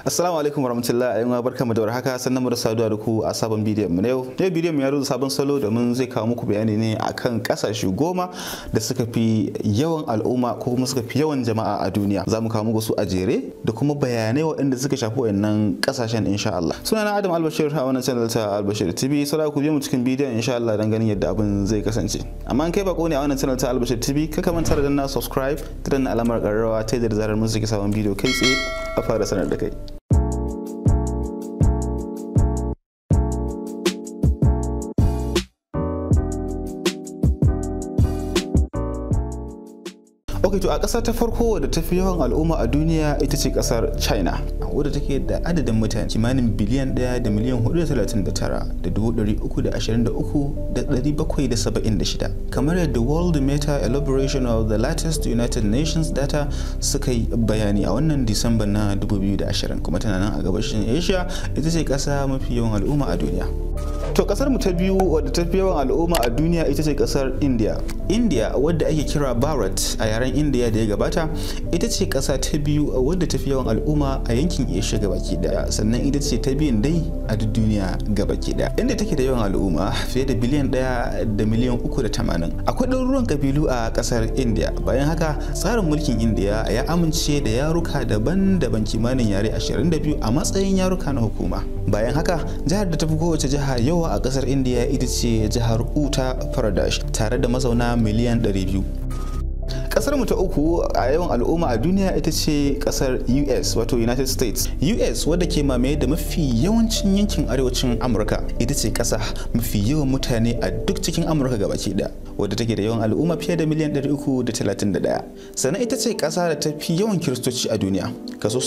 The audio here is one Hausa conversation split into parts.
Assalamu alaikum warahmatullahi ayyuma barkamu da warhaka sannan mu da saduwa da ku a sabon bidiyon mu na yau. Yau bidiyon mu ya rubuta sabon salo domin zai kawo muku bayani ne akan kasashe goma da suka fi yawan al'umma ko kuma suka fi yawan jama'a a duniya. Za mu kawo muku su a jere da kuma bayanai waɗanda suka shafi wannan kasashen insha Allah. Suna na Adam Albashir a wannan channel ta Albashir TV. Sara ku biyo mu cikin bidiyon insha Allah dan ganin yadda abin zai kasance. Amma an kai bako ne a wannan channel ta Albashir TV ka kamanta da na subscribe da alamar karrawa ta yadda zarar mun saki sabon bidiyo kai tsaye a fara sanar da kai ok to a ƙasa ta farko wadda ta fi yawan al'umma a duniya ita ce ƙasar china wadda take da adadin mutane kimanin biliyan 1 da miliyan 439 da 323,776 kamar yadda world meta elaboration of the latest united nations data suka yi bayani a wannan disamba na 2020 kuma tana nan a gabashin asia ita ce ƙasa mafi yawan al'umma a duniya to kasar mu ta biyu wadda ta fi yawan al'umma a duniya ita ce kasar india india wadda ake kira bharat a yaren india da ya gabata ita ce kasa ta biyu wadda ta fi yawan al'umma a yankin asia gabaki daya sannan ita ce ta biyun dai a duk duniya gabaki daya inda take da yawan al'umma fiye da biliyan daya da miliyan uku da tamanin akwai ɗaruruwan kabilu a kasar india bayan haka tsarin mulkin india ya amince da yaruka daban-daban kimanin yare ashirin da biyu a matsayin yaruka na hukuma bayan haka jihar da ta fi kowace jiha yawa a kasar india ita ce jihar uttar pradesh tare da mazauna miliyan 200 kasar mu ta uku a yawan al'umma a duniya ita ce kasar us wato united states us wadda ke mamaye da mafi yawancin yankin arewacin amurka ita ce kasa mafi yawan mutane a duk cikin amurka ke daya wadda take da yawan al'umma fiye da miliyan 331 sannan ita ce kasa da ta fi yawan kiristoci a duniya kaso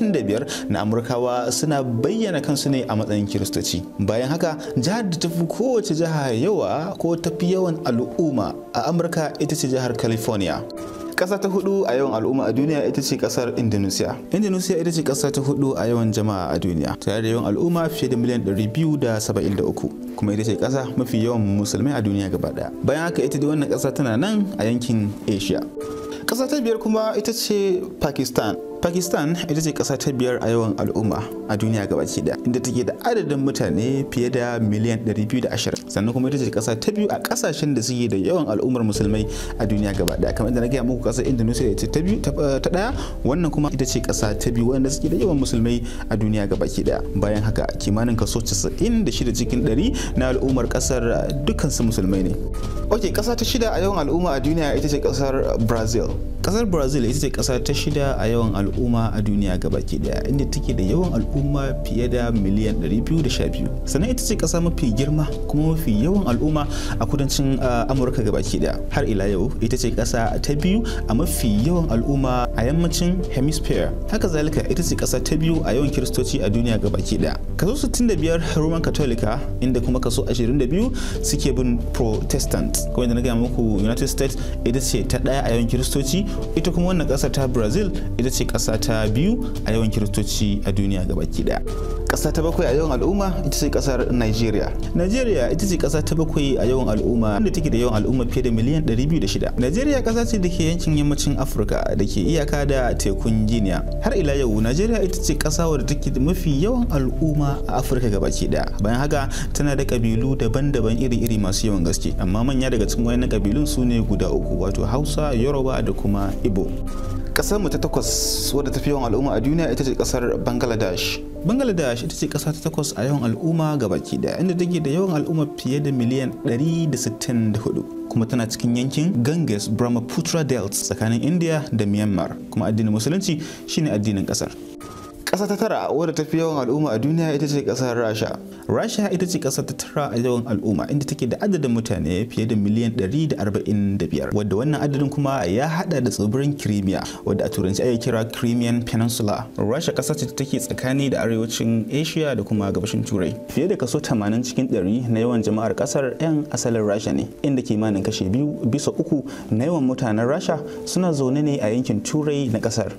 65 na amurkawa suna bayyana kansu ne a matsayin kiristoci bayan haka jihar da tafi kowace jiha yawa ko tafi yawan al'umma a amurka ita ce jihar california Ƙasa ta hudu a yawan al'umma a duniya ita ce ƙasar Indonesia. Indonesia ita ce ƙasa ta hudu a yawan jama'a a duniya, tare da yawan al'umma fiye da miliyan 273, kuma ita ce ƙasa mafi yawan musulmai a duniya gaba daya Bayan haka ita da wannan ƙasa tana nan a yankin Asia. Ƙasa ta biyar kuma ita ce Pakistan. Pakistan ita ce ƙasa ta biyar a yawan al'umma a duniya gabaki daya inda take da adadin mutane fiye da miliyan 220 sannan kuma ita ce ƙasa ta biyu a ƙasashen da suke da yawan al'ummar musulmai a duniya gaba da kamar inda na gaya muku ƙasar Indonesia ita ta biyu ta daya wannan kuma ita ce ƙasa ta biyu wanda suke da yawan musulmai a duniya ke daya bayan haka kimanin kaso 96 cikin 100 na al'ummar ƙasar dukkansu musulmai ne ok ƙasa ta shida a yawan al'umma a duniya ita ce ƙasar Brazil ƙasar Brazil ita ce ƙasa ta shida a yawan al'umma al'umma a duniya gabaki daya inda take da yawan al'umma fiye da miliyan 212 sannan ita ce kasa mafi girma kuma mafi yawan al'umma a kudancin uh, amurka gabaki daya har ila yau ita ce kasa ta biyu a mafi yawan al'umma a yammacin hemisphere haka zalika ita ce kasa ta biyu a yawan kiristoci a duniya gabaki daya kaso 65 roman katolika inda kuma kaso 22 suke bin protestant kuma inda na gaya muku united states ita ce ta daya a yawan kiristoci ita kuma wannan kasa ta brazil ita ce ƙasa ta biyu a yawan kiristoci a duniya baki daya ƙasa ta bakwai a yawan al'umma ita ce ƙasar Najeriya. Najeriya ita ce ƙasa ta bakwai a yawan al'umma wanda take da yawan al'umma fiye da miliyan 206. Najeriya ƙasa ce da ke yankin yammacin Afirka da ke iyaka da tekun Guinea. Har ila yau najeriya ita ce ƙasa wadda take da mafi yawan al'umma a Afirka baki daya. Bayan haka tana da ƙabilu daban-daban iri-iri masu yawan gaske amma manya daga cikin wayannan ƙabilun su ne guda uku wato Hausa, Yoruba da kuma Igbo. mu ta takwas wadda ta fi yawan al'umma a duniya ita ce kasar bangladesh bangladesh ita ce kasa ta takwas a yawan al'umma ga baki daya inda take da yawan al'umma fiye da miliyan 164 kuma tana cikin yankin ganges brahmaputra delta tsakanin india da myanmar kuma addinin musulunci shine addinin kasar ƙasa ta tara wadda ta fi yawan al'umma a duniya ita ce ƙasar rasha rasha ita ce ƙasa ta tara a yawan al'umma inda take da adadin mutane fiye da miliyan 145 wadda wannan adadin kuma ya hada da tsibirin crimea wadda a turanci ake kira crimean peninsula rasha ƙasa ce take tsakani da arewacin asia da kuma gabashin turai fiye da kaso 80 cikin 100 na yawan jama'ar ƙasar 'yan asalin rasha ne inda kimanin kashe biyu bisa uku na yawan mutanen rasha suna zaune ne a yankin turai na ƙasar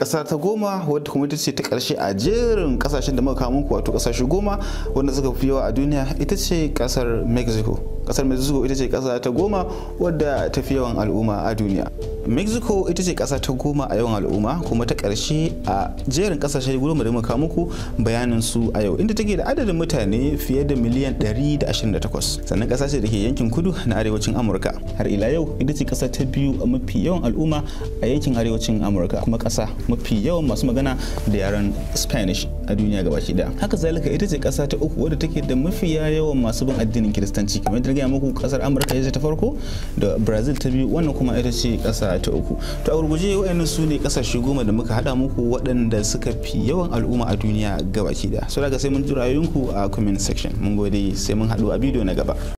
kasa ta goma wadda kuma ita ce ta karshe a jerin kasashen da muka kawo muku wato kasashe goma wanda suka fi yawa a duniya ita ce kasar mexico kasar mexico ita ce kasa ta goma wadda ta fi yawan al'umma a duniya mexico ita ce kasa ta goma a yawan al'umma kuma ta karshe a jerin kasashe goma da muka muku bayanin su a yau inda take da adadin mutane fiye da miliyan 128 sannan kasa ce da ke yankin kudu na arewacin amurka har ila yau ita ce kasa ta biyu a mafi yawan al'umma a yankin arewacin amurka kuma kasa mafi yawan masu magana da yaren spanish a duniya gabaki daya haka zalika ita ce kasa ta uku wadda take da mafi yawan masu bin addinin kiristanci kamar gaya muku kasar amurka ita ta farko da brazil ta biyu wannan kuma ita ce kasa ta uku to a gurguje waɗannan su ne kasashe goma da muka haɗa muku waɗanda suka fi yawan al'umma a duniya gabaki da so daga sai mun ji ku a comment section mun gode sai mun haɗu a bidiyo na gaba